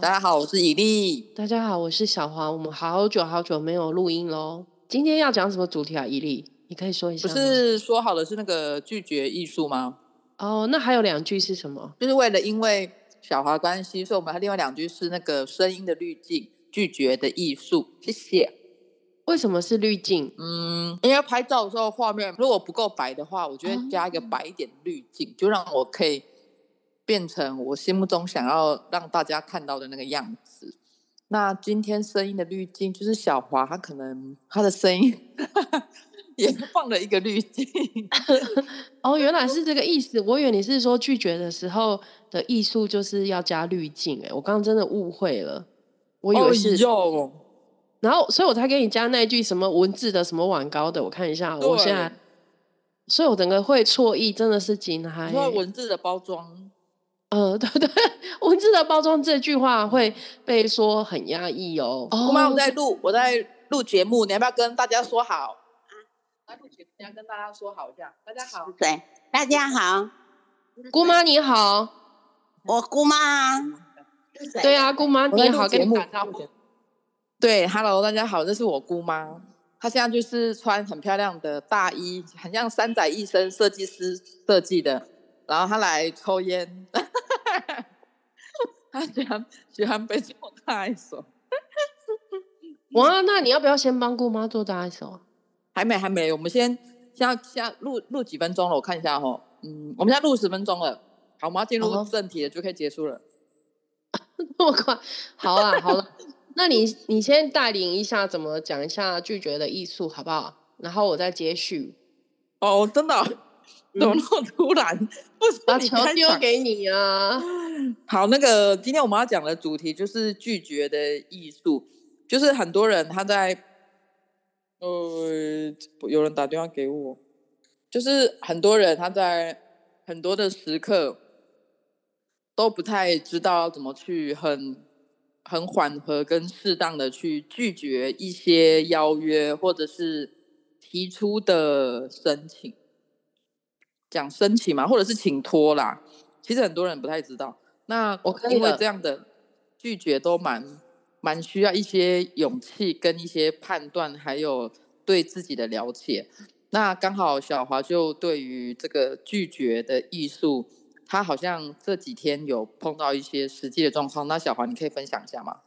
大家好，哦、我是伊利。大家好，我是小華。我們好久好久沒有錄音嘍。今天要講什麼主題啊？伊利，你可以說一下。不是說好了是那個拒絕藝術嗎？哦，那還有兩句是什麼？就是為了因為小華關係，所以我們還有另外兩句是那個聲音的濾鏡，拒絕的藝術。謝謝。為什麼是濾鏡？嗯，因為拍照的時候畫面如果不夠白的話，我覺得加一個白一點的濾鏡、嗯，就讓我可以。變成我心目中想要讓大家看到的那個樣子。那今天聲音的濾鏡就是小華，他可能他的聲音 也放了一個濾鏡。 哦，原來是這個意思。我以為你是說拒絕的時候的藝術就是要加濾鏡。哎，我剛剛真的誤會了，我以為是。Oh, you know. 然後，所以我才給你加那一句什麼文字的什麼碗糕的，我看一下，我現在。所以我整個會錯意真的是驚駭、欸。因為文字的包裝。呃、哦，對對，文字的包裝這句話會被說很壓抑哦。姑媽，我在錄，我在錄節目，你要不要跟大家說好啊？錄節目，大家跟大家說好一下，大家好，誰？大家好，姑媽你好，我姑媽。對啊，姑媽你好，跟大家打招呼。對，Hello，大家好，這是我姑媽，她現在就是穿很漂亮的大衣，很像三宅一生設計師設計的，然後她來抽煙。他、啊、喜歡喜歡被做大愛手，哇！那你要不要先幫菇媽做大愛手？還沒，還沒。我們先先先要錄錄幾分鐘了，我看一下哈。嗯，我們現在錄十分鐘了，好，我們要進入正題了、哦，就可以結束了。這、啊、麼快？好了好了， 那你你先帶領一下，怎麼講一下拒絕的藝術好不好？然後我再接續。哦，真的、哦。怎麼，那麼突然不？不把球丟給你啊！好，那個今天我們要講的主題就是拒絕的藝術。就是很多人他在呃，有人打電話給我，就是很多人他在很多的時刻都不太知道怎麼去很很緩和跟適當的去拒絕一些邀約或者是提出的申請。講申請嘛，或者是請托啦。其實很多人不太知道。那我因為這樣的拒絕都蠻蠻需要一些勇氣跟一些判斷，還有對自己的了解。那剛好小華就對於這個拒絕的藝術，他好像這幾天有碰到一些實際的狀況。那小華，你可以分享一下嗎？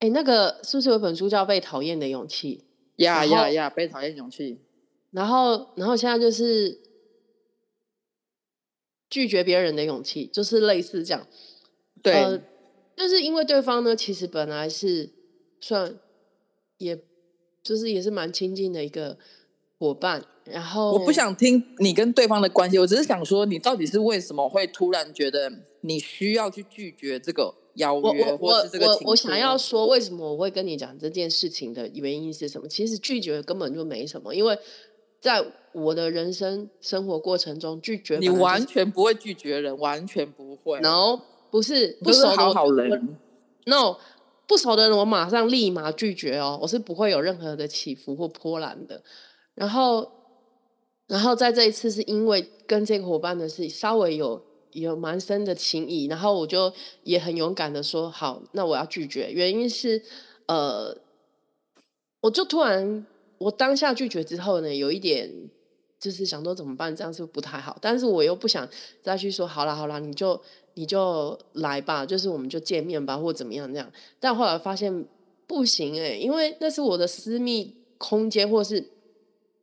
哎、欸，那個是不是有本書叫《被討厭的勇氣》yeah, yeah, yeah, 勇？呀呀呀！被討厭勇氣。然後，然後現在就是。拒絕別人的勇氣，就是類似這樣。對，就、呃、是因為對方呢，其實本來是算，也，就是也是蠻親近的一個夥伴。然後，我不想聽你跟對方的關係，我只是想說，你到底是為什麼會突然覺得你需要去拒絕這個邀約，或是這個情形我，我，我想要說，為什麼我會跟你講這件事情的原因是什麼？其實拒絕根本就沒什麼，因為在。我的人生生活過程中拒絕、就是、你完全不會拒絕人，完全不會。No，不是不是好好人。No，不熟的人我馬上立馬拒絕哦，我是不會有任何的起伏或波瀾的。然後，然後在這一次是因為跟這個夥伴的是稍微有有蠻深的情誼，然後我就也很勇敢的說好，那我要拒絕。原因是呃，我就突然我當下拒絕之後呢，有一點。就是想說怎麼辦，這樣是不是不太好。但是我又不想再去說，好了好了，你就你就來吧，就是我們就見面吧，或怎麼樣那樣。但後來發現不行誒、欸，因為那是我的私密空間，或是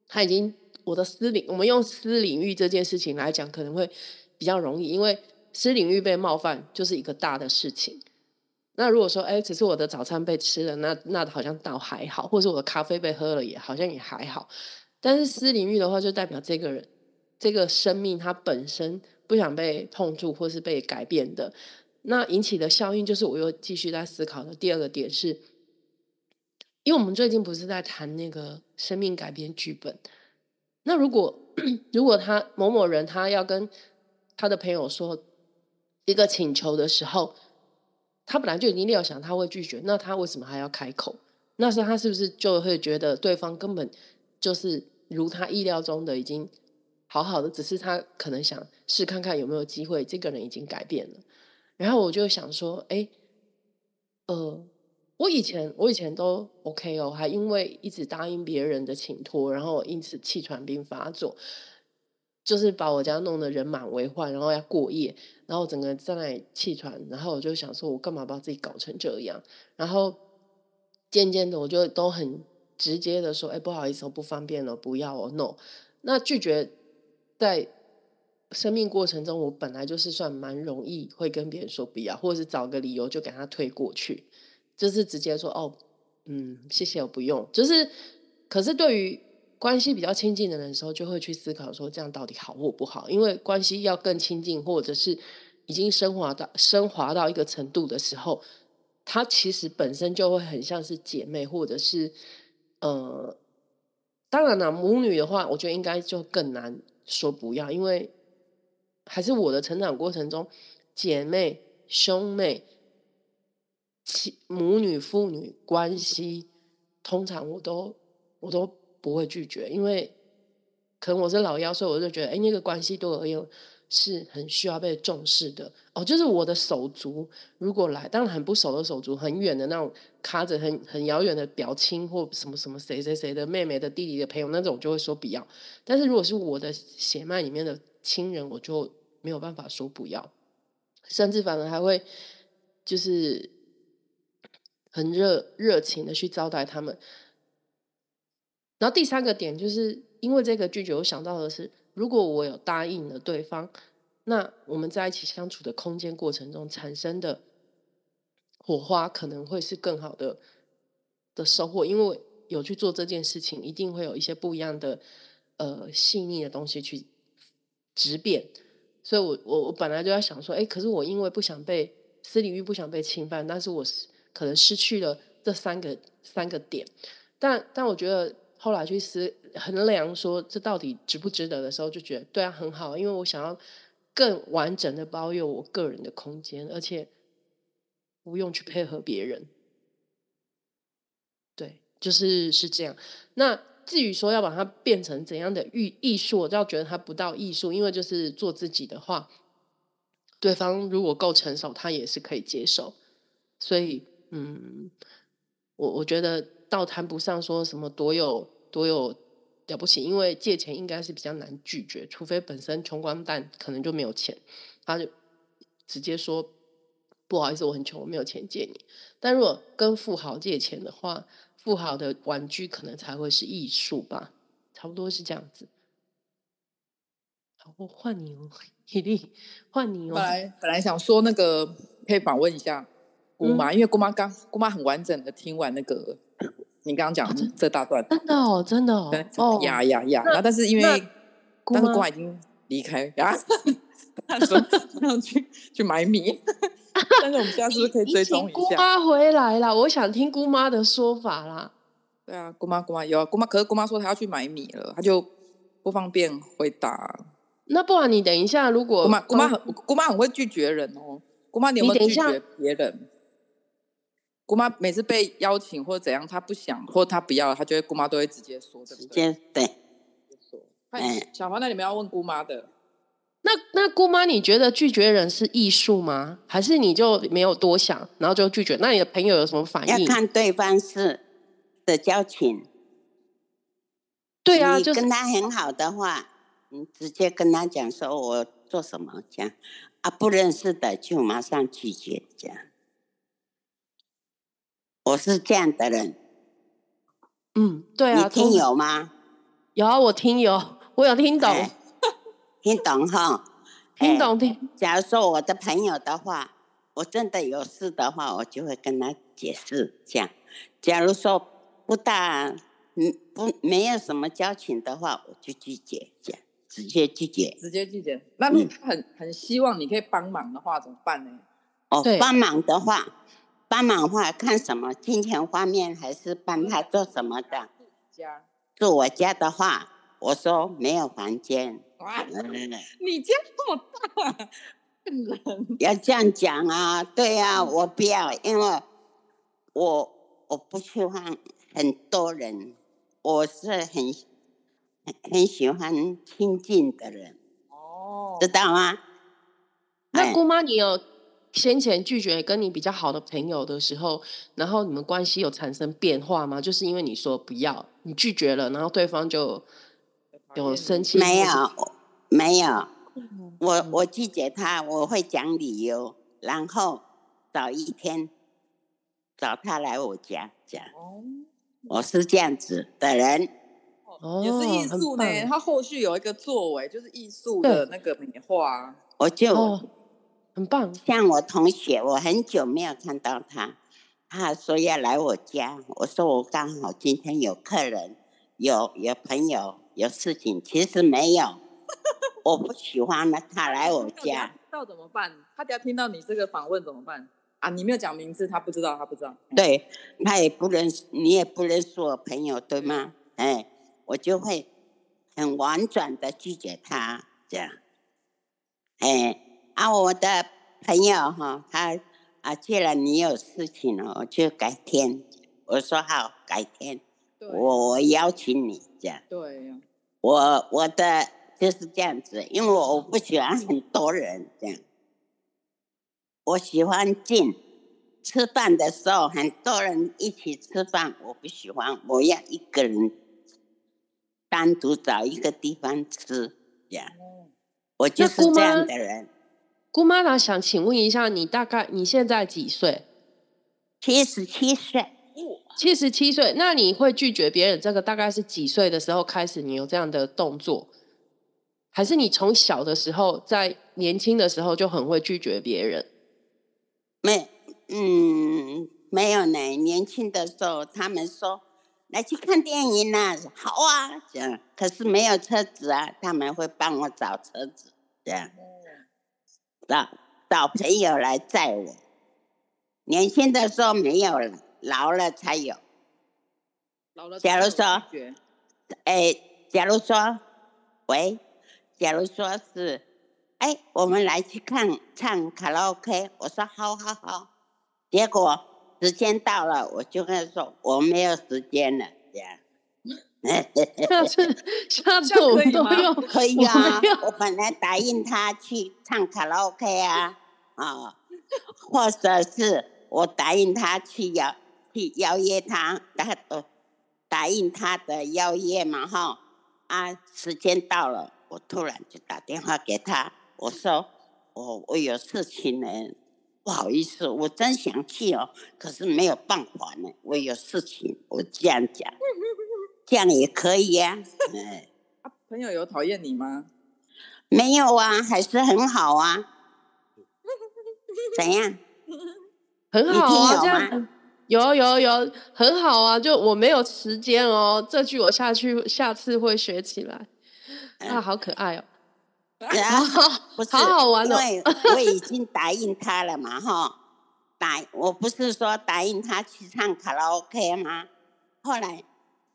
他已經我的私領，我們用私領域這件事情來講，可能會比較容易，因為私領域被冒犯就是一個大的事情。那如果說哎、欸，只是我的早餐被吃了，那那好像倒還好，或是我的咖啡被喝了也好像也還好。但是私領域的話，就代表這個人，這個生命，他本身不想被碰觸或是被改變的。那引起的效應，就是我又繼續在思考的第二個點是，因為我們最近不是在談那個生命改編劇本？那如果如果他某某人他要跟他的朋友說一個請求的時候，他本來就已經料想他會拒絕，那他為什麼還要開口？那時候他是不是就會覺得對方根本就是？如他意料中的已經好好的，只是他可能想試看看，有沒有機會。這個人已經改變了，然後我就想說，哎，呃，我以前我以前都 OK 哦，還因為一直答應別人的請託，然後因此氣喘病發作，就是把我家弄得人滿為患，然後要過夜，然後整個在那裡氣喘，然後我就想說，我幹嘛把自己搞成這樣？然後漸漸的，我就都很。直接的說，哎、欸，不好意思，哦，我不方便了，不要哦，no。那拒絕在生命過程中，我本來就是算蠻容易會跟別人說不要，或者是找個理由就給他推過去，就是直接說，哦，嗯，謝謝，哦，我不用。就是，可是對於關係比較親近的人的時候，就會去思考說，這樣到底好或不好？因為關係要更親近，或者是已經升華到升華到一個程度的時候，它其實本身就會很像是姐妹，或者是。呃，當然了，母女的話，我覺得應該就更難說不要，因為還是我的成長過程中，姐妹、兄妹、母女、父女關係，通常我都我都不會拒絕，因為可能我是老幺，所以我就覺得，哎、欸，那個關係對我有。是很需要被重視的哦。就是我的手足，如果來，當然很不熟的手足，很遠的那種，卡着很很遙遠的表親或什麼什麼誰誰誰的妹妹的弟弟的朋友那種，我就會說不要。但是如果是我的血脈裡面的親人，我就沒有辦法說不要，甚至反而還會就是很熱熱情的去招待他們。然後第三個點，就是因為這個拒絕，我想到的是。如果我有答應了對方，那我們在一起相處的空間過程中產生的火花，可能會是更好的的收穫。因為有去做這件事情，一定會有一些不一樣的呃細膩的東西去質變。所以我我我本來就在想說，哎、欸，可是我因為不想被私領域不想被侵犯，但是我可能失去了這三個三個點。但但我覺得後來去思。衡量說這到底值不值得的時候，就覺得對啊，很好，因為我想要更完整的保有我個人的空間，而且不用去配合別人。對，就是是這樣。那至於說要把它變成怎樣的藝藝術，我倒覺得它不到藝術，因為就是做自己的話，對方如果夠成熟，他也是可以接受。所以，嗯，我我覺得倒談不上說什麼多有多有。了不起，因為借錢應該是比較難拒絕，除非本身窮光蛋可能就沒有錢，他就直接說不好意思，我很窮，我沒有錢借你。但如果跟富豪借錢的話，富豪的玩具可能才會是藝術吧，差不多是這樣子。好，我換你哦，綺麗，換你哦。來本來想說那個可以訪問一下窩菇媽、嗯，因為窩菇媽剛窩菇媽很完整的聽完那個。你剛剛講這大段、啊真，真的哦，真的哦，呀呀呀，然、啊、後、啊啊啊啊啊啊啊啊、但是因為那個姑媽已經離開，他說他要去去買米， 但是我們現在是不是可以追蹤一下？姑媽回來了，我想聽姑媽的說法啦。對啊，姑媽姑媽有、啊、姑媽，可是姑媽說她要去買米了，她就不方便回答。那不然你等一下，如果姑媽姑媽很姑媽很會拒絕人哦，姑媽你有沒有拒絕別人？姑媽每次被邀請或者怎樣，她不想或她不要，她覺得姑媽都會直接說，對不對？直接對，說。哎，小黃，那你們要問姑媽的。嗯，那那姑媽，你覺得拒絕人是藝術嗎？還是你就沒有多想，然後就拒絕？那你的朋友有什麼反應？要看對方是的交情。對啊，就是，你跟他很好的話，你直接跟他講說我做什麼講啊，不認識的就馬上拒絕講。我是這樣的人，嗯，對啊，你聽有嗎？有啊，我聽有，我有聽懂，聽懂哈，聽懂，聽，懂、欸、聽。假如說我的朋友的話，我真的有事的話，我就會跟他解釋講。假如說不大，嗯，不沒有什麼交情的話，我就拒絕講，直接拒絕，直接拒絕。那你很、嗯、很希望你可以幫忙的話，怎麼辦呢？哦，幫忙的話。幫忙話，看什麼金錢方面，還是幫他做什麼的？家住我家的話，我說沒有房間、嗯。你家這麼大、啊，人 要這樣講啊？對啊、嗯，我不要，因為我我不喜歡很多人，我是很很喜歡親近的人。哦，知道嗎？那姑媽，你有？先前拒絕跟你比較好的朋友的時候，然後你們關係有產生變化嗎？就是因為你說不要，你拒絕了，然後對方就有，有生氣？沒有，沒有，我我拒絕他，我會講理由，然後找一天找他來我家講，我是這樣子的人，就、哦、是藝術的，他後續有一個作為，就是藝術的那個美化，我就。哦很棒，像我同學，我很久沒有看到他，他說要來我家，我說我剛好今天有客人，有有朋友，有事情，其實沒有， 我不喜歡他，他來我家，到，到怎麼辦？他只要聽到你這個訪問怎麼辦？啊，你沒有講名字，他不知道，他不知道。對，他也不認識，你也不認識我朋友，對嗎？嗯、哎，我就會很婉轉的拒絕他，這樣，哎。啊，我的朋友哈，他啊，既然你有事情了，我就改天。我說好，改天我，我邀請你這樣。對，我我的就是這樣子，因為我我不喜歡很多人這樣。我喜歡靜，吃飯的時候很多人一起吃飯，我不喜歡，我要一個人單獨找一個地方吃這樣，嗯。我就是這樣的人。姑媽呢？想請問一下，你大概你現在幾歲？七十七歲。七十七歲，那你會拒絕別人？這個大概是幾歲的時候開始你有這樣的動作？還是你從小的時候，在年輕的時候就很會拒絕別人？沒，嗯，沒有呢。年輕的時候，他們說來去看電影呢，啊，好啊，這樣。可是沒有車子啊，他們會幫我找車子這樣。找找朋友來載我。年輕的時候沒有了，老了才有。才有。假如說，哎，假如說，喂，假如說是，哎，我們來去看唱卡拉 OK，我說好好好。結果時間到了，我就跟他說我沒有時間了，這樣。下次下次可以嗎？ 可以啊，我本來答應他去唱卡拉 OK 啊， 啊，或者是我答應他去邀去邀約他，他都答應他的邀約嘛，哈啊，時間到了，我突然就打電話給他，我說我我有事情呢，不好意思，我真想去哦，可是沒有辦法呢，我有事情，我這樣講。 這樣也可以呀。啊， 朋友有討厭你嗎？沒有啊，還是很好啊。怎樣？很好啊。有有有，有，很好啊。就我沒有時間哦，這句我下去下次會學起來。啊，呃、好可愛哦。啊，不是，好好玩哦。 因為我已經答應他了嘛，哈。答，我不是說答應他去唱卡拉 OK 嗎？後來。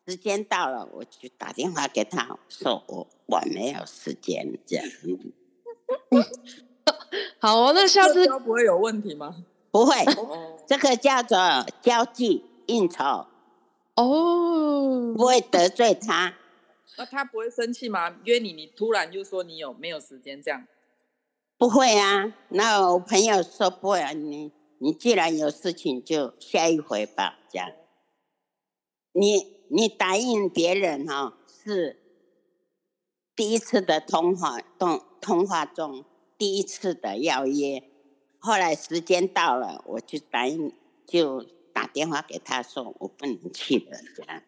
時間到了，我就打電話給他說我我沒有時間這樣。 好，我那下次不會有問題嗎？不會、哦，這個叫做交際應酬哦，不會得罪他。那他不會生氣嗎？約你，你突然就說你有沒有時間這樣？不會啊，那我朋友說不會，啊。你你既然有事情就下一回吧，這樣、嗯、你。你答應別人哈，哦，是第一次的通話通通話中第一次的邀約，後來時間到了，我就答應，就打電話給他說我不能去了。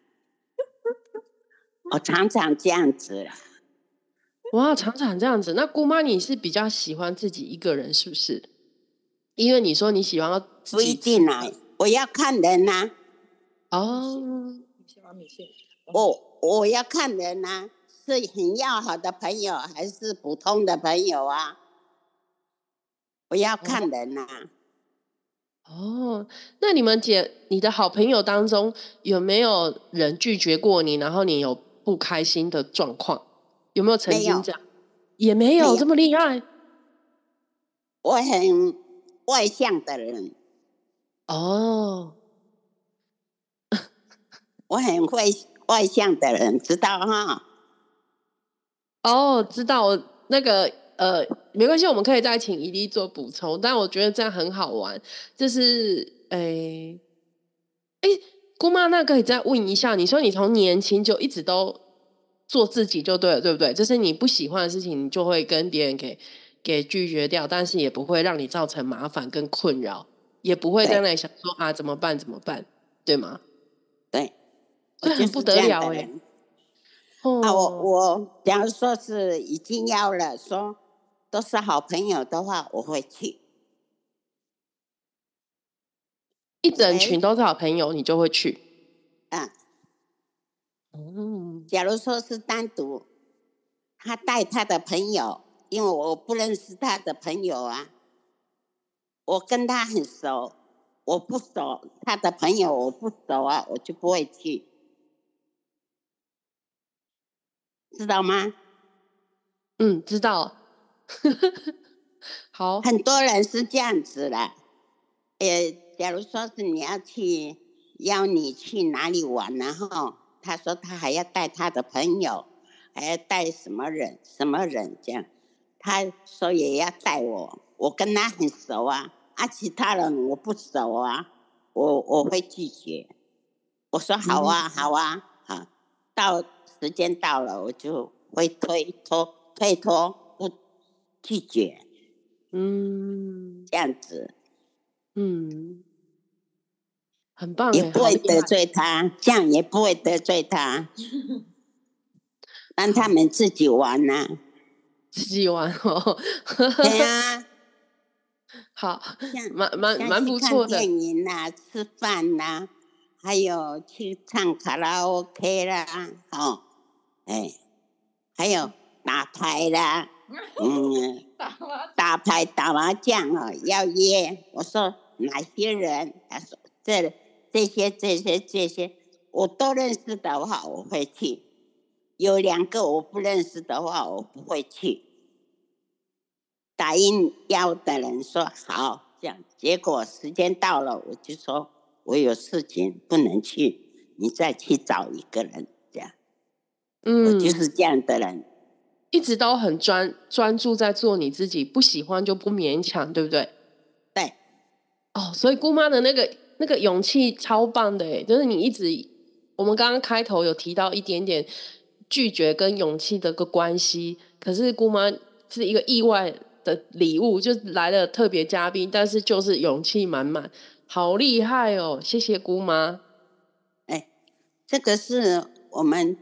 我常常這樣子啦，哇，常常這樣子。那菇媽你是比較喜歡自己一個人是不是？因為你說你喜歡不一定來，啊，我要看人啊。哦、oh.。我我要看人吶、啊。是很要好的朋友還是普通的朋友啊？我要看人吶、啊。哦，那你們姐，你的好朋友當中有沒有人拒絕過你？然後你有不開心的狀況？有沒有曾經這樣？沒也沒有，沒有這麼厲害。我很外向的人。哦。我很外外向的人，知道哈？哦、oh,，知道那個呃，沒關係，我們可以再請伊利做補充。但我覺得這樣很好玩，就是誒誒、欸欸，姑媽那個，可以再問一下，你說你從年輕就一直都做自己就對了，對不對？就是你不喜歡的事情，你就會跟別人給給拒絕掉，但是也不會讓你造成麻煩跟困擾，也不會在那裡想說啊怎麼辦怎麼辦，對嗎？就不得了哎、欸哦！啊，我我假如說是已經邀了，說都是好朋友的話，我會去。一整群都是好朋友，你就會去。欸、啊。嗯。假如說是單獨，他帶他的朋友，因為我不認識他的朋友啊，我跟他很熟，我不熟他的朋友，我不熟啊，我就不會去。知道嗎？嗯，知道。 好，很多人是這樣子的。呃、欸，假如說是你要去邀你去哪裡玩，然後他說他還要帶他的朋友，還要帶什麼人？什麼人？這樣，他說也要帶我，我跟他很熟啊，啊，其他人我不熟啊，我我會拒絕。我說好啊，嗯、好啊，好，到。時間到了，我就會推脫、推脫不拒絕，嗯，這樣子，嗯，很棒，也不會得罪他，這樣也不會得罪他， 讓他們自己玩呢、啊，自己玩哦， 對呀、啊，好，蠻蠻蠻不錯的，看電影啦，吃飯呢、啊，還有去唱卡拉 OK 啦、啊，好、哦。哎，還有打牌啦，嗯，打，打牌打麻將哦，邀約。我說哪些人？他說，這這些這些這些，我都認識的話，我會去；有兩個我不認識的話，我不會去。答應要的人說好，這樣，結果時間到了，我就說我有事情不能去，你再去找一個人。嗯，就是這樣的人，一直都很專專注在做你自己，不喜歡就不勉強，對不對？對。哦，所以姑媽的那個那個勇氣超棒的哎，就是你一直我們剛剛開頭有提到一點點拒絕跟勇氣的個關係，可是姑媽是一個意外的禮物，就來了特別嘉賓，但是就是勇氣滿滿，好厲害哦！謝謝姑媽。哎，這個是我們。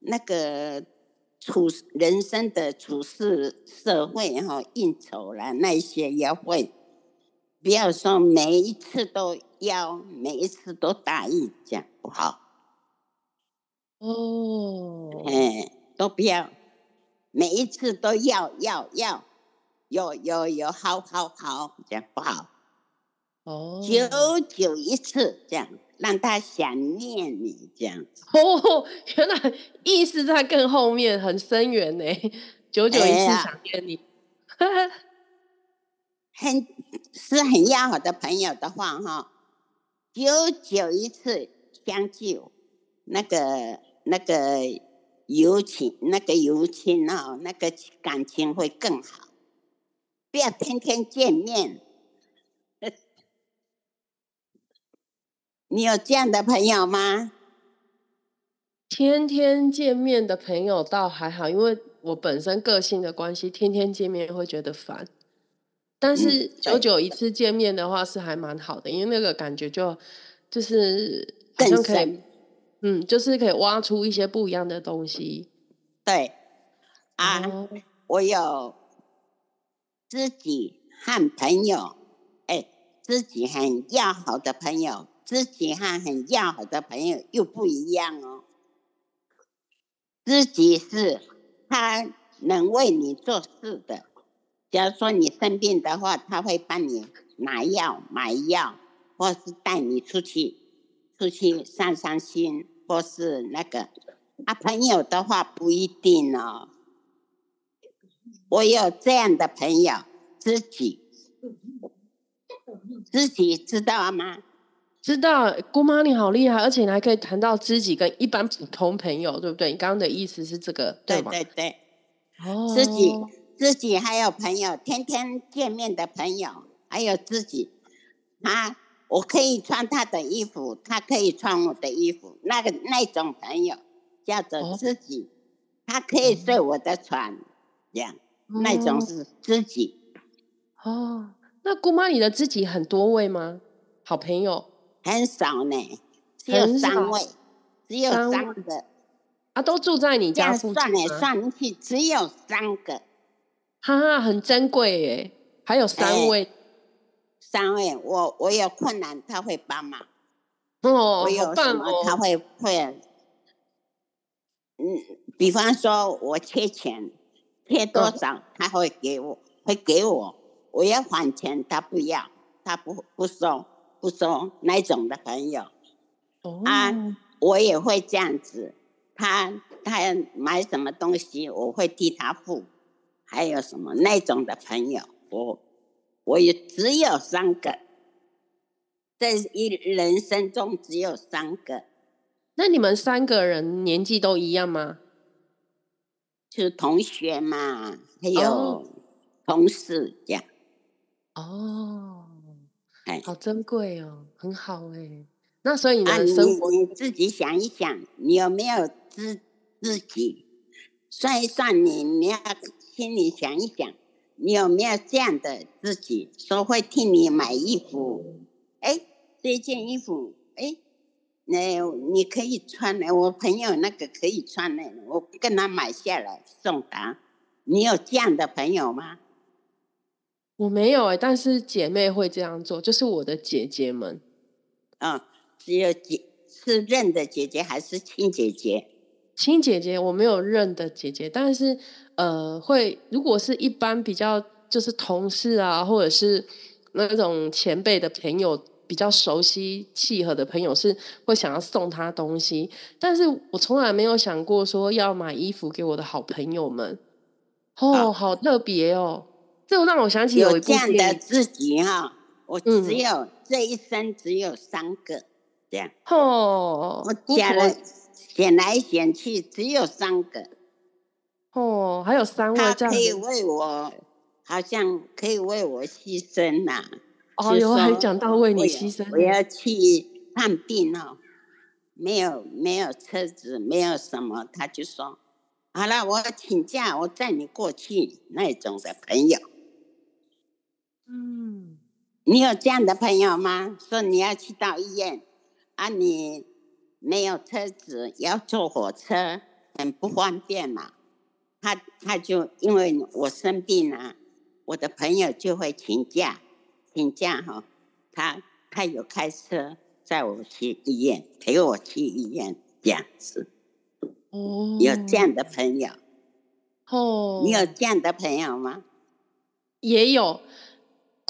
那個處人生的處事社會哈、哦，應酬啦那些也會，不要說每一次都要，每一次都答應講不好。哦，哎，都不要，每一次都要要要，有有有好好好這樣不好。哦，九九一次這樣。讓他想念你這樣子哦，原來意思在更後面，很深遠呢。久久一次想念你，啊、 很是很要好的朋友的話哈、哦，久久一次相聚，那個那個友情，那個友情、哦、那個感情會更好，不要天天見面。你有這樣的朋友嗎？天天見面的朋友倒還好，因為我本身個性的關係，天天見面會覺得煩。但是久久一次見面的話，是還蠻好的。嗯，因為那個感覺就就是好像可以更，嗯，就是可以挖出一些不一樣的東西。對啊，oh. 我有自己和朋友，哎，欸，自己很要好的朋友。知己和很要好的朋友又不一樣哦。知己是他能為你做事的，假如說你生病的話，他會幫你拿藥、買藥，或是帶你出去出去散散心，或是那個。他、啊、朋友的話不一定哦。我有這樣的朋友，知己，知己知道嗎？知道，姑媽你好厲害，而且你還可以談到知己跟一般普通朋友，對不對？你剛剛的意思是這個，對嗎？對對對，哦，知己，知己還有朋友，天天見面的朋友，還有知己啊！我可以穿他的衣服，他可以穿我的衣服，那個那種朋友叫做知己，哦，他可以睡我的床，嗯，這樣那種是知己。哦，那姑媽你的知己很多位嗎？好朋友？很少呢、欸，只有三位，只有三個三，啊，都住在你家，這樣算呢，算去只有三個，哈哈，很珍貴耶，還有三位。欸、三位，我我有困難他會幫忙。哦，我有什麼、哦、他會會，嗯，比方說我缺錢，缺多少、嗯、他會給我，會給我，我要還錢他不要，他不不收。不說那種的朋友，oh. 啊，我也會這樣子。他他要買什麼東西，我會替他付。還有什麼那種的朋友，我我也只有三個，在一人生中只有三個。那你們三個人年紀都一樣嗎？是同學嘛，還有同事、oh. 這樣。哦，oh.。好珍貴哦、哎，很好哎、欸。那所以呢、啊，你，你自己想一想，你有沒有自自己算一算你，你要你要心裡想一想，你有沒有這樣的自己，說會替你買衣服？哎、嗯欸，這件衣服，哎、欸，那你可以穿的，我朋友那個可以穿的，我跟他買下來送他。你有這樣的朋友嗎？我沒有哎、欸，但是姐妹會這樣做，就是我的姐姐們啊、嗯。只有姐是認的姐姐還是親姐姐？親姐姐，我沒有認的姐姐，但是呃，會如果是一般比較就是同事啊，或者是那種前輩的朋友比較熟悉契合的朋友，是會想要送她東西。但是我從來沒有想過說要買衣服給我的好朋友們。哦，哦好特別哦。就讓我想起有，有這樣的自己哈，我只有、嗯、這一生只有三個這樣。哦，我選了，選來選去只有三個。哦，還有三位他可以為我，好像可以為我犧牲吶、啊。哦、oh, 呦，還講到為你犧牲、啊我，我要去看病哦，沒有沒有車子，沒有什麼，他就說好了，我請假，我載你過去那種的朋友。嗯，你有這樣的朋友嗎？說你要去到醫院，啊，你沒有車子要坐火車，很不方便嘛。他他就因為我生病了啊，我的朋友就會請假，請假哈，他他有開車載我去醫院，陪我去醫院這樣子。哦，有這樣的朋友哦，你有這樣的朋友嗎？也有。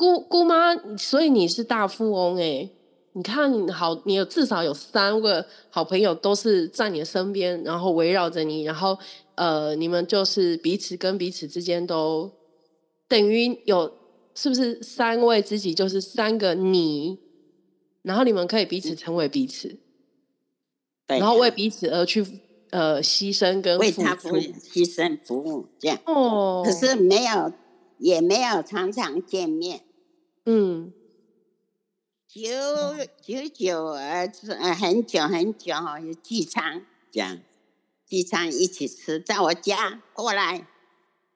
菇菇媽，所以你是大富翁哎、欸！你看，好，你有至少有三個好朋友都是在你的身邊，然後圍繞着你，然後呃，你們就是彼此跟彼此之間都等於有，是不是三位自己就是三個你，然後你們可以彼此成為彼此，對啊，然後為彼此而去呃犧牲跟服務，為他服務，犧牲服務這樣哦。可是沒有，也沒有常常見面。嗯，九九九兒子，嗯，很久很久哈，有聚餐，這樣聚餐一起吃，在我家過來，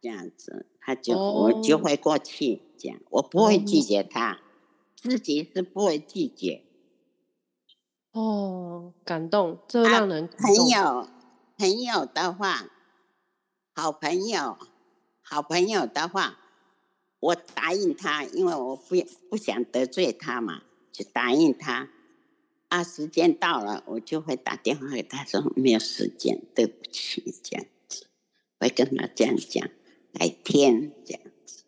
這樣子，他就、哦、我就會過去，這樣我不會拒絕他、哦，自己是不會拒絕。哦，感動，這樣、個、人、啊、朋友朋友的話，好朋友好朋友的話。我答應他，因為我不不想得罪他嘛，就答應他。啊，時間到了，我就會打電話給他，說沒有時間，對不起，這樣子，會跟他這樣講，改天這樣子。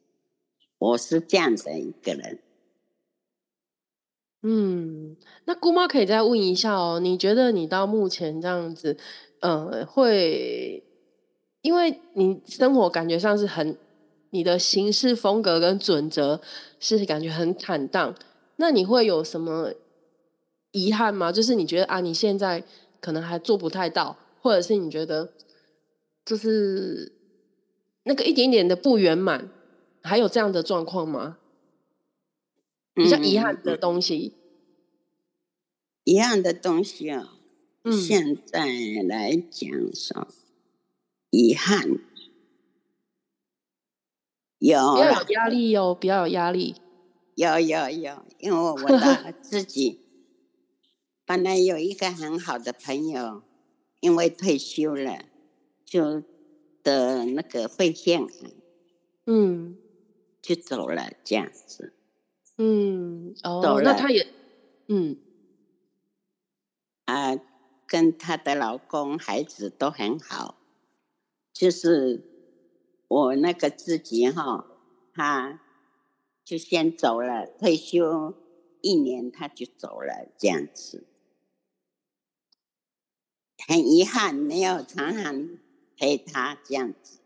我是這樣的一個人。嗯，那菇媽可以再問一下哦，你覺得你到目前這樣子，呃，會，因為你生活感覺上是很。你的行事風格跟準則是感覺很坦蕩，那你會有什麼遺憾嗎？就是你覺得啊，你現在可能還做不太到，或者是你覺得就是那個一點點的不圓滿，還有這樣的狀況嗎？嗯。比較遺憾的東西，嗯嗯，一樣的東西啊，哦嗯。現在來講，說遺憾。有，不要有壓力有、哦，不要有壓力。有有有，因為我的自己 本來有一個很好的朋友，因為退休了，就得那個肺腺癌，嗯，就走了這樣子。嗯，哦，走了那他也，嗯，啊，跟他的老公孩子都很好，就是。我那個知己哈、哦，他就先走了，退休一年他就走了，這樣子。很遺憾，沒有常常陪他這樣子。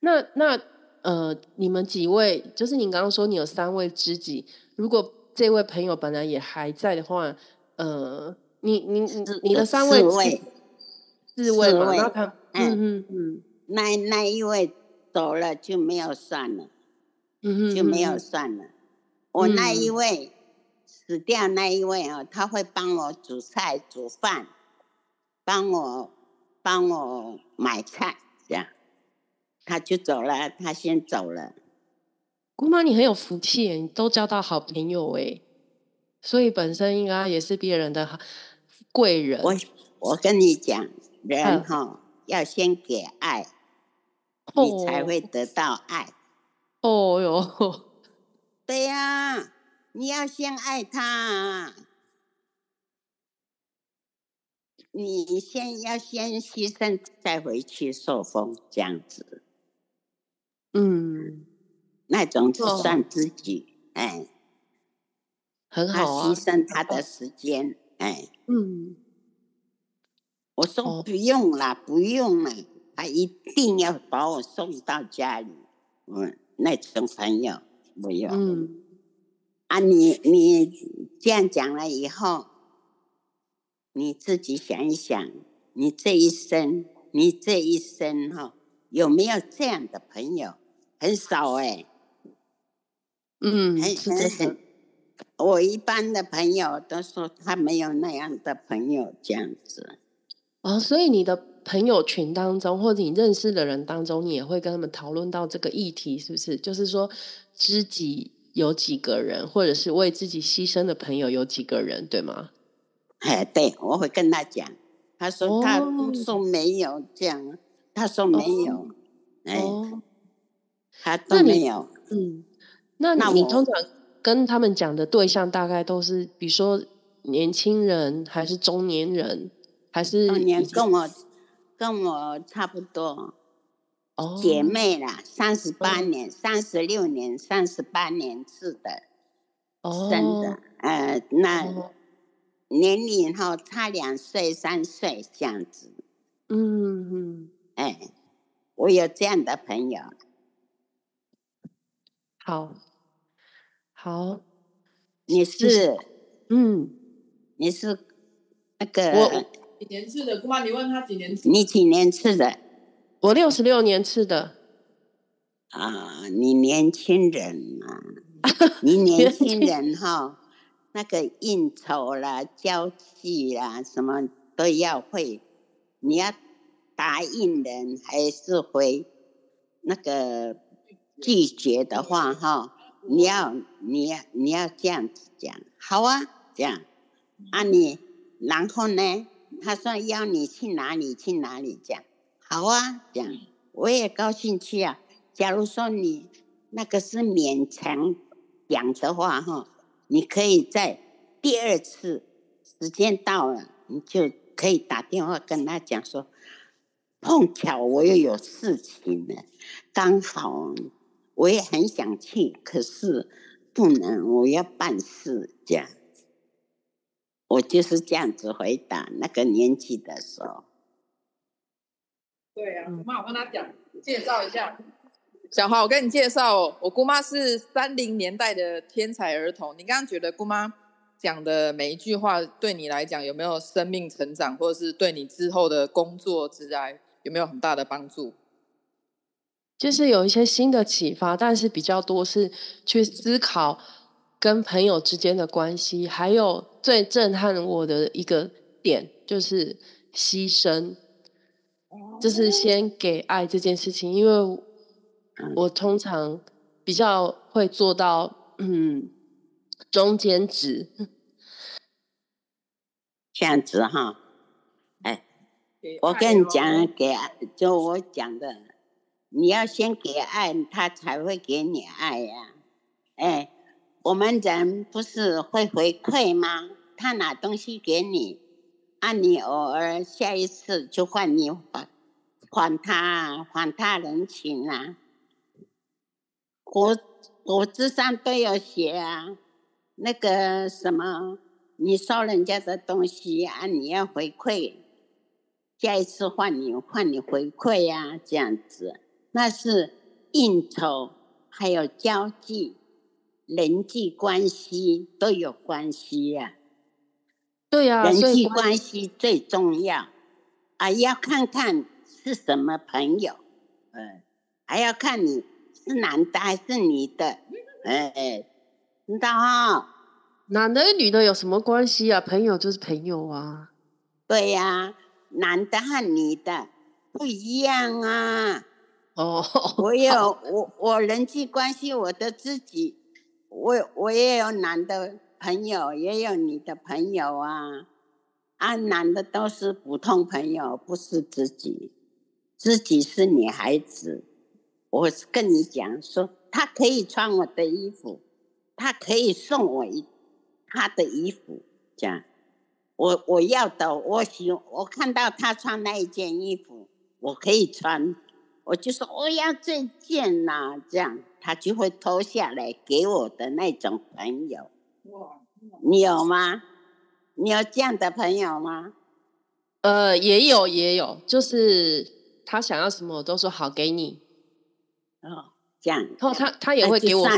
那那呃，你們幾位，就是你剛剛說你有三位知己，如果這位朋友本來也還在的話，呃，你你你你的三位，四位四位。四位他。嗯嗯嗯，那那一位走了就沒有算了，嗯嗯就沒有算了。我那一位死掉那一位哦，他會幫我煮菜煮飯，幫我幫我買菜，這樣，他就走了，他先走了。姑媽，你很有福氣，你都交到好朋友誒，所以本身應該也是別人的貴人。我我跟你講，人哈。嗯要先給愛，oh. 你才會得到愛。哦喲，對呀，啊，你要先愛他，你先要先犧牲，再回去受風，這樣子。嗯、mm.，那種就算自己。Oh. 哎，很好，犧牲他的時間，oh. 哎，嗯、mm.。我說不用了，哦，不用了，他一定要把我送到家裡。我、嗯、那種朋友，不用。嗯。啊你，你你這樣講了以後，你自己想一想，你這一生，你這一生哈、哦，有沒有這樣的朋友？很少哎，欸。嗯，很很少。我一般的朋友都說他沒有那樣的朋友，這樣子。啊、哦，所以你的朋友群當中，或者你認識的人當中，你也會跟他們討論到這個議題，是不是？就是說，知己有幾個人，或者是為自己犧牲的朋友有幾個人，對嗎？哎，對，我會跟他講，他說他說沒有、哦、這樣，他說沒有，哦、哎、哦，他都沒有。嗯，那，你，那你通常跟他們講的對象大概都是，比如說年輕人還是中年人？還是年、哦、跟我跟我差不多、哦、姐妹啦，三十八年、三十六年、三十八年次的，真、哦、的，呃，那年齡哈差兩歲、三歲這樣子。嗯嗯，哎，我有這樣的朋友。好，好，你是嗯，你是那個。幾年次的姑媽？你問他幾年次？你幾年次的？我六十六年次的。啊，你年輕人嘛， 你年輕人哈， 那個應酬啦、交際啦，什麼都要會。你要答應人，還是回那個拒絕的話哈？你要你要你要這樣子講，好啊，這樣。啊你，你然後呢？他說：“要你去哪裡去哪裡講，好啊講，我也高興去啊。假如說你那個是勉強講的話哈，你可以在第二次時間到了，你就可以打電話跟他講說，碰巧我又有事情了，剛好我也很想去，可是不能，我要辦事講。”我就是這樣子回答那個年紀的時候。對啊，姑媽，我跟他講，介紹一下。小華，我跟你介紹，我姑媽是三零年代的天才兒童。你剛剛覺得姑媽講的每一句話，對你來講有沒有生命成長，或者是對你之後的工作之外有沒有很大的幫助？就是有一些新的啟發，但是比較多是去思考。跟朋友之間的關係，還有最震撼我的一個點就是犧牲，就是先給愛這件事情，因為我通常比較會做到嗯中間值，這樣子哈，哎，我跟你講給就我講的，你要先給愛，他才會給你愛呀、啊，哎。我們人不是會回饋嗎？他拿東西給你，啊，你偶爾下一次就換你還還他還他人情啊。我我這上都有寫啊，那個什麼，你收人家的東西啊，你要回饋，下一次換你換你回饋呀、啊，這樣子那是應酬還有交際。人際關係都有關係呀、啊，對呀、啊，人際關係最重要最啊！要看看是什麼朋友，嗯，還要看你是男的還是女的，哎、嗯、哎、欸，你知道男的女的有什麼關係啊？朋友就是朋友啊。對呀、啊，男的和女的不一樣啊。哦， 我有我我人際關係，我的自己。我我也有男的朋友，也有女的朋友啊。啊，男的都是普通朋友，不是自己。自己是女孩子。我跟你講，說他可以穿我的衣服，他可以送我一他的衣服，這樣。我我要的，我喜歡，我看到他穿那一件衣服，我可以穿，我就說我要這件吶啊，這樣。他就會偷下來給我的那種朋友，你有嗎？你有這樣的朋友嗎？呃，也有也有，就是他想要什麼我都說好給你，哦，這樣，然後他他也會給我，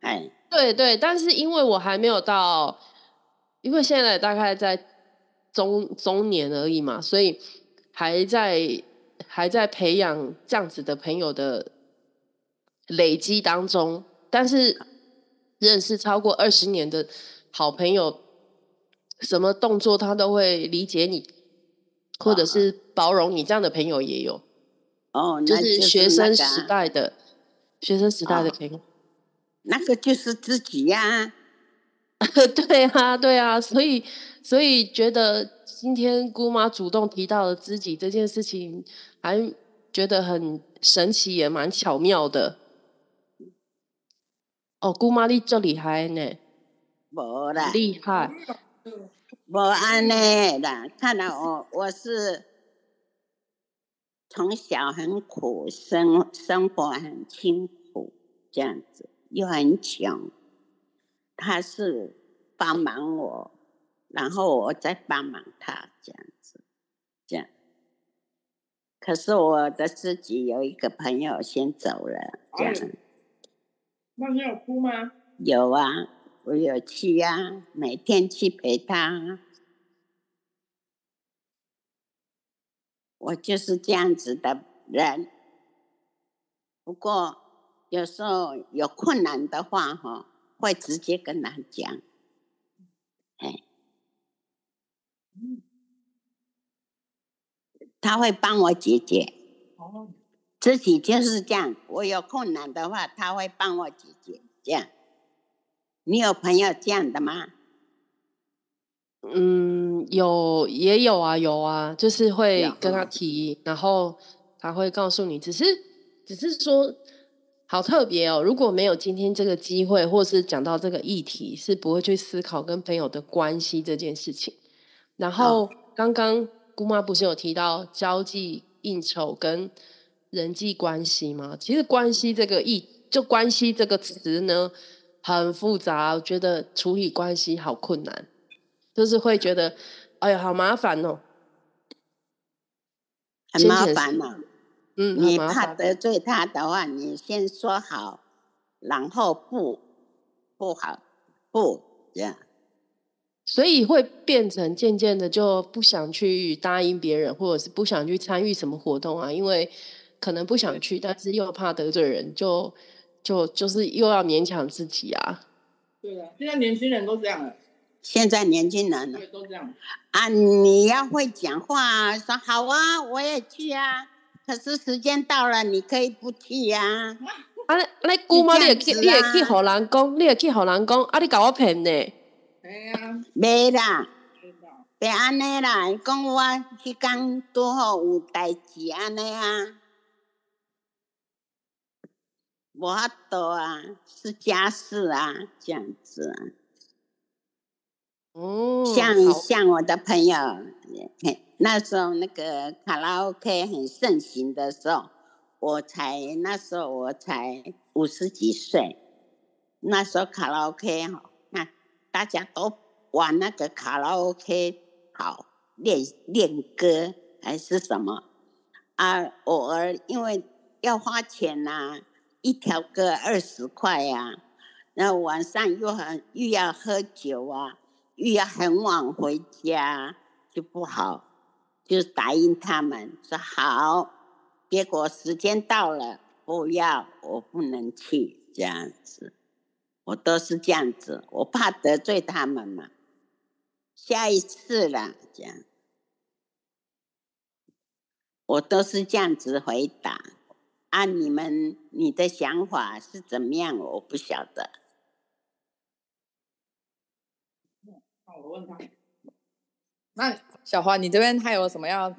哎，對對，但是因為我還沒有到，因為現在大概在中中年而已嘛，所以還在還在培養這樣子的朋友的。累積當中，但是認識超過二十年的好朋友，什麼動作他都會理解你，或者是包容你這樣的朋友也有。哦，就是學生時代的，啊、學生時代的朋友，哦、那個就是知己呀、啊。 對啊，對啊，所以所以覺得今天菇媽主動提到了知己這件事情，還覺得很神奇，也蠻巧妙的。哦，姑媽，你最厲害呢！厲害，我安呢？啦，看來我，我是從小很苦，生生活很清苦，這樣子又很窮。他是幫忙我，然後我再幫忙他，這樣子，這樣。可是我的自己有一個朋友先走了，這樣。哎那你有哭嗎？有啊，我有去呀、啊，每天去陪他。我就是這樣子的人，不過有時候有困難的話，哈，會直接跟他講，哎，嗯，他會幫我解決。哦自己就是這樣，我有困難的話，他會幫我解決。這樣，你有朋友這樣的嗎？嗯，有也有啊，有啊，就是會跟他提，然後他會告訴你。只是，只是說，好特別哦。如果沒有今天這個機會，或是講到這個議題，是不會去思考跟朋友的關係這件事情。然後，剛剛菇媽不是有提到交際應酬跟。人際關係嘛？其實“關係”這個意，就“關係”這個詞呢，很複雜。我覺得處理關係好困難，就是會覺得，哎呀，好麻煩哦、喔，很麻煩嘛、喔。嗯，你嗯，你怕得罪他的話，你先說好，然後不不好不這樣。Yeah. 所以會變成漸漸的就不想去答應別人，或者是不想去參與什麼活動啊，因為。可能不想去，但是又怕得罪人，就就就是又要勉強自己啊。對啊，現在年輕人都這樣了。現在年輕人，都這樣啊！你要會講話，說好啊，我也去啊。可是時間到了，你可以不去啊。啊，那姑媽，你也去，你也去荷蘭工，你也去荷蘭工啊，你搞我騙呢？哎呀，沒啦，沒啦，別安尼啦，你跟我去天多好有代志安尼啊。我多啊，是家事啊，這樣子啊。嗯、像像我的朋友，那時候那個卡拉 OK 很盛行的時候，我才那時候我才五十幾歲，那時候卡拉 OK 好，大家都玩那個卡拉 OK 好，練練歌還是什麼，啊，偶爾因為要花錢吶、啊。一條歌二十塊呀、啊，那晚上又很又要喝酒啊，又要很晚回家，就不好，就答應他們說好，結果時間到了不要我不能去這樣子，我都是這樣子，我怕得罪他們嘛，下一次了這樣，我都是這樣子回答。那、啊、你們你的想法是怎麼樣？我不曉得。那我問他。那小花，你這邊還有什麼要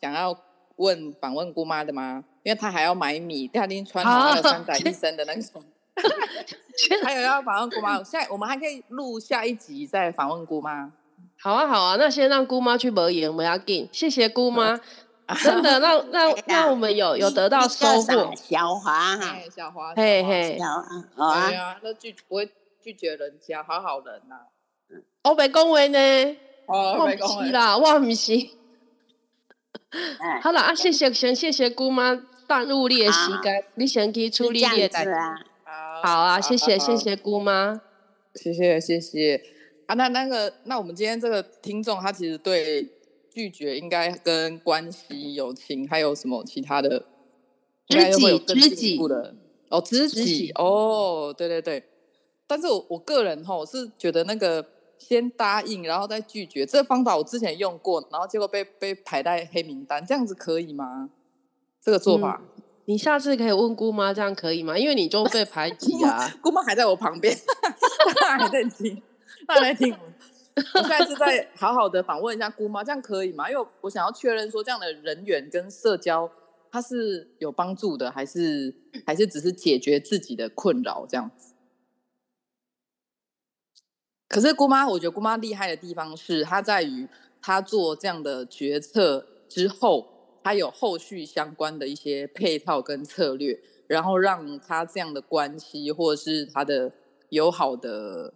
想要問訪問姑媽的嗎？因為他還要買米，第二天穿好要三宅一生的那種。啊、 還有要訪問姑媽，現在我們還可以錄下一集再訪問姑媽。好啊，好啊，那先讓姑媽去博不要緊。謝謝姑媽。 真的，那那那我們有有得到收穫，小花哈、啊欸，小花，嘿嘿，好、hey, hey 哦、啊，啊，那拒不會拒絕人家，好好人吶、啊。我沒講話呢，哦、我沒講話啦，嗯、我唔是、嗯、是。嗯、好了啊，謝謝，先謝謝姑媽耽誤你的時間，你先去處理你的單。這啊好啊，好啊好好好，謝謝，謝謝姑媽，謝謝謝謝。啊，那那個，那我們今天這個聽眾，他其實對。拒絕應該跟關係、友情，還有什麼其他的？知己應該會有更進一步的知己哦，知己哦，對對對。但是我我個人哈、哦，我是覺得那個先答應，然後再拒絕，這個、方法我之前用過，然後結果被被排在黑名單，這樣子可以嗎？這個做法、嗯，你下次可以問姑媽，這樣可以嗎？因為你就被排擠啊 姑，姑媽還在我旁邊， 還在聽， 還在聽。 我現在是在好好的訪問一下姑媽，這樣可以嗎？因為我想要確認說，這樣的人緣，跟社交，他是有幫助的，還是還是只是解決自己的困擾這樣子？可是姑媽，我覺得姑媽厲害的地方是，她在於她做這樣的決策之後，她有後續相關的一些配套跟策略，然後讓她這樣的關係或者是她的友好的。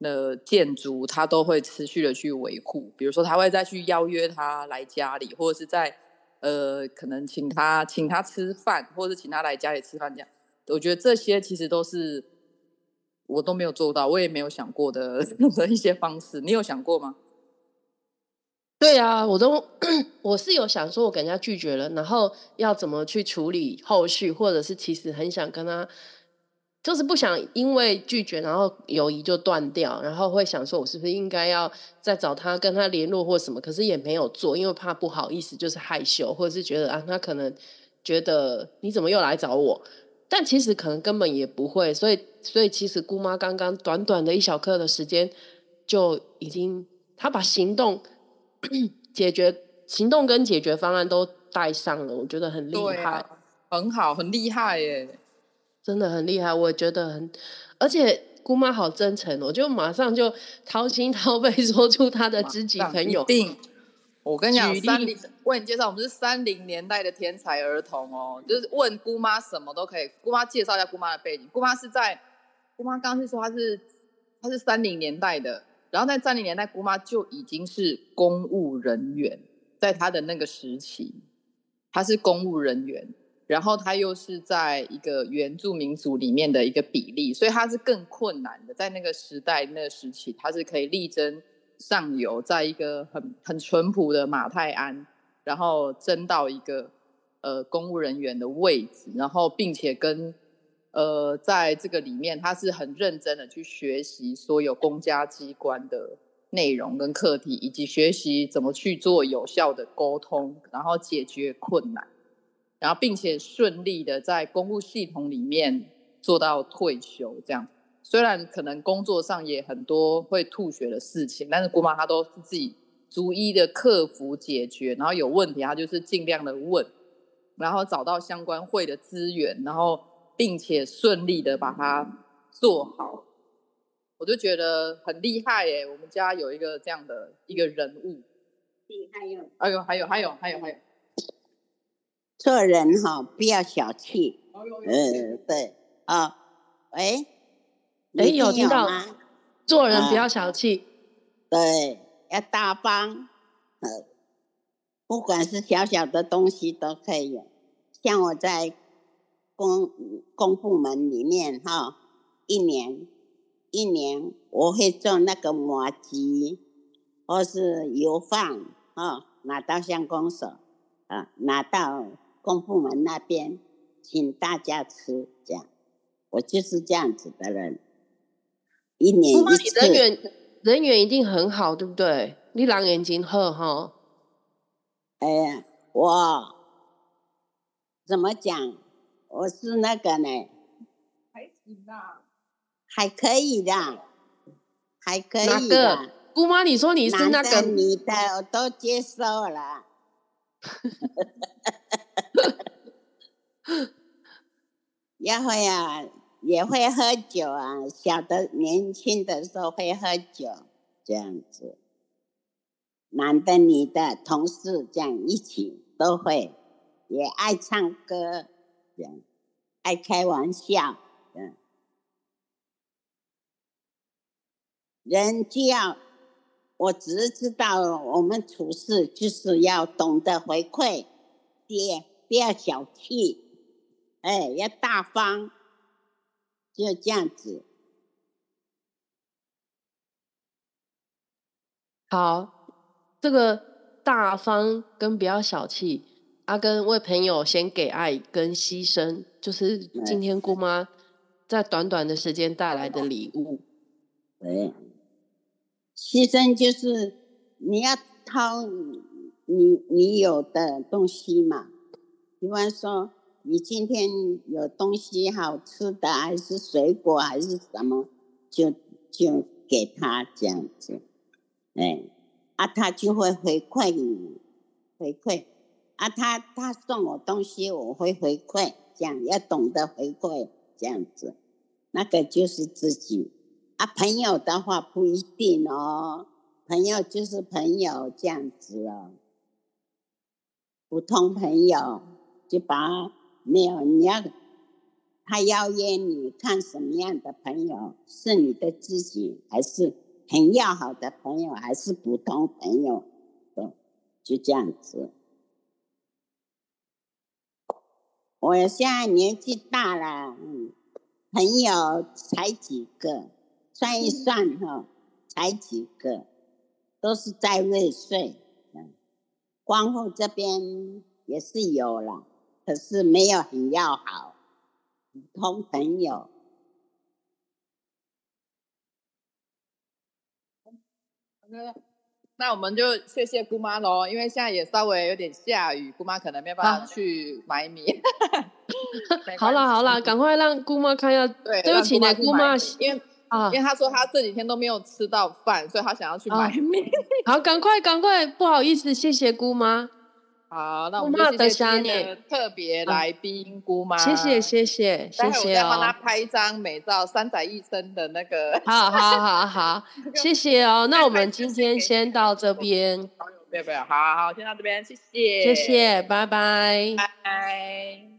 的建築，他都會持續的去維護。比如說，他會再去邀約他來家裡，或者是再呃，可能請他請他吃飯，或者是請他來家裡吃飯這樣。我覺得這些其實都是我都沒有做到，我也沒有想過任何一些方式。你有想過嗎？對啊，我都 我是有想說，我給人家拒絕了，然後要怎麼去處理後續，或者是其實很想跟他。就是不想因為拒絕，然後友誼就斷掉，然後會想說，我是不是應該要再找他跟他聯絡或什麼？可是也沒有做，因為怕不好意思，就是害羞，或者是覺得啊，他可能覺得你怎麼又來找我？但其實可能根本也不會。所以，所以其實菇媽剛剛短短的一小刻的時間，就已經他把行動 解決、行動跟解決方案都帶上了，我覺得很厲害，啊、很好，很厲害耶。真的很厲害，我也覺得很，而且姑媽好真誠哦我就馬上就掏心掏肺說出她的知己朋友。有，我跟你講，三零為你介紹，我們是三零年代的天才兒童哦，就是問姑媽什麼都可以。姑媽介紹一下姑媽的背景，姑媽是在，姑媽剛剛是說她是，她是三零年代的，然後在三零年代姑媽就已經是公務人員，在她的那個時期，她是公務人員。然後他又是在一個原住民族裡面的一個比例，所以他是更困難的。在那個時代、那個時期，他是可以力爭上游，在一個很很淳樸的馬太安，然後爭到一個呃公務人員的位置，然後並且跟呃在這個裡面，他是很認真的去學習所有公家機關的內容跟課題，以及學習怎麼去做有效的溝通，然後解決困難。然後，並且順利的在公務系統裡面做到退休，這樣雖然可能工作上也很多會吐血的事情，但是姑媽她都是自己逐一的克服解決，然後有問題她就是儘量的問，然後找到相關會的資源，然後並且順利的把它做好，我就覺得很厲害耶！欸，我們家有一個這樣的一個人物。厲害喲，哎喲，還有，還有，還有，還有。做人哈、哦，不要小氣。哦、嗯，對啊、哦。誒，哎，有聽到嗎？做人不要小氣、呃，對，要大方。呃，不管是小小的東西都可以。像我在公公部門裡面哈、哦，一年一年我會做那個麻糬或是油飯、哦，啊，拿到鄉公所啊，拿到。公部門那邊，請大家吃，這樣，我就是這樣子的人，一年一次。姑媽，你人緣人緣一定很好，對不對？你人緣很好，齁？哎呀，我怎麼講？我是那個呢？還行吧，還可以的，還可以的。姑媽，你說你是那個？女的我都接受了。 要 會呀、啊，也會喝酒啊。小的年輕的時候會喝酒，這樣子。男的女的同事這樣一起都會，也愛唱歌，愛開玩笑。嗯，人就要，我只知道我們處事就是要懂得回饋，爹。不要小氣，哎，要大方，就這樣子。好，這個大方跟不要小氣，阿根為朋友先給愛跟犧牲，就是今天姑媽在短短的時間帶來的禮物。哎，哎，犧牲就是你要掏你你有的東西嘛。比方說，你今天有東西好吃的，還是水果，還是什麼，就就給他這樣子，哎，啊，他就會回饋你，回饋，啊，他他送我東西，我會回饋，這樣要懂得回饋，這樣子，那個就是自己，啊，朋友的話不一定哦，朋友就是朋友這樣子哦，普通朋友。就把沒有你要，他邀約你看什麼樣的朋友？是你的知己，還是很要好的朋友，還是普通朋友？就這樣子。我現在年紀大了，嗯，朋友才幾個，算一算哈，才幾個，都是在未睡。嗯，光後這邊也是有了。可是沒有很要好，普通朋友。那我們就謝謝姑媽嘍，因為現在也稍微有點下雨，姑媽可能沒有辦法去買米。啊、 好了好了，趕快讓姑媽看一下。對，對不起，不起姑媽，因為、啊、因為她說她這幾天都沒有吃到飯，所以她想要去買米。好，趕快趕快，不好意思，謝謝姑媽。好，那我們就謝謝今天的特別來賓菇媽，謝謝謝謝謝謝。待會我再幫她拍一張美照，三宅一生的那個好。好好好好，好好 謝謝哦。那我們今天先到這邊。好好好，先到這邊，謝謝謝謝，拜拜拜拜。拜拜拜拜拜拜。